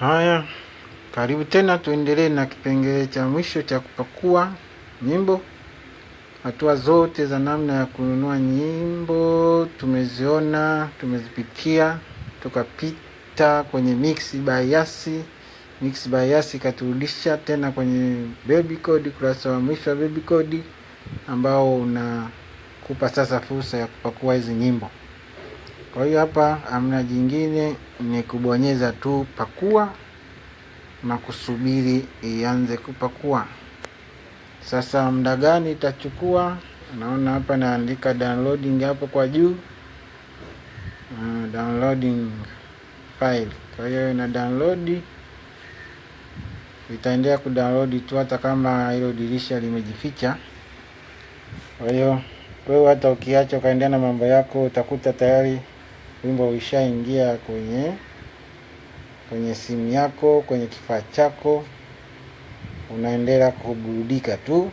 Haya, karibu tena, tuendelee na kipengele cha mwisho cha kupakua nyimbo. Hatua zote za namna ya kununua nyimbo tumeziona, tumezipitia, tukapita kwenye mix bias. Mix bias ikaturudisha tena kwenye baby code, kurasa wa mwisho wa baby code ambao unakupa sasa fursa ya kupakua hizi nyimbo. Kwa hiyo hapa amna jingine, ni kubonyeza tu pakua na kusubiri ianze kupakua. Sasa muda gani itachukua? Naona hapa naandika downloading hapo kwa juu, uh, downloading file. Kwa hiyo ina download, itaendelea kudownload tu hata kama hilo dirisha limejificha. Kwa hiyo wewe hata ukiacha ukaendea na mambo yako utakuta tayari wimbo ulishaingia kwenye kwenye simu yako, kwenye kifaa chako, unaendelea kuburudika tu.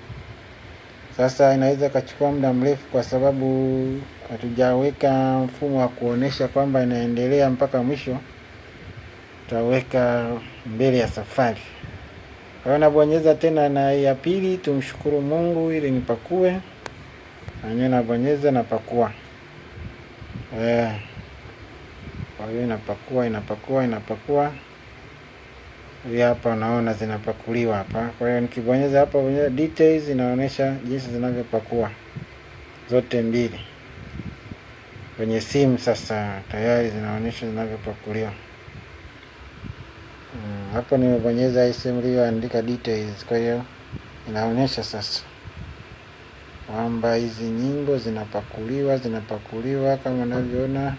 Sasa inaweza ikachukua muda mrefu, kwa sababu hatujaweka mfumo wa kuonesha kwamba inaendelea mpaka mwisho. Tutaweka mbele ya safari. Kwa hiyo nabonyeza tena na ya pili, tumshukuru Mungu ili nipakue, nanyewe nabonyeza napakua eh. Kwa hiyo inapakua inapakua inapakua, hivi hapa unaona zinapakuliwa hapa. Kwa hiyo nikibonyeza hapa kwenye details, inaonyesha jinsi zinavyopakua zote mbili kwenye simu. Sasa tayari zinaonyesha zinavyopakuliwa. Hmm, hapo nimebonyeza hii simu iliyoandika details, kwa hiyo inaonyesha sasa kwamba hizi nyimbo zinapakuliwa zinapakuliwa kama unavyoona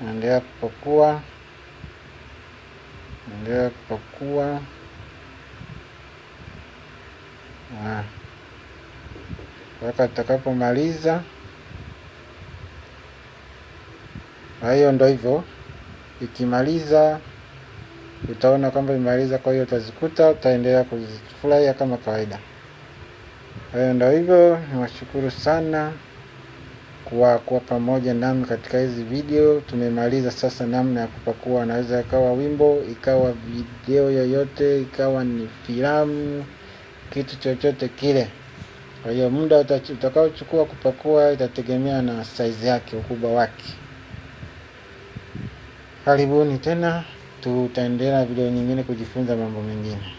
naendelea kupakua, naendelea kupakua mpaka atakapomaliza. Kwa hiyo ndo hivyo, ikimaliza utaona kwamba imaliza. Kwa hiyo utazikuta, utaendelea kuzifurahia kama kawaida. Kwa hiyo ndo hivyo, niwashukuru sana kuwa, kuwa pamoja nami katika hizi video. Tumemaliza sasa namna ya kupakua, anaweza ikawa wimbo, ikawa video yoyote, ikawa ni filamu, kitu chochote kile. Kwa hiyo muda utakaochukua kupakua itategemea na size yake, ukubwa wake. Karibuni tena, tutaendelea video nyingine kujifunza mambo mengine.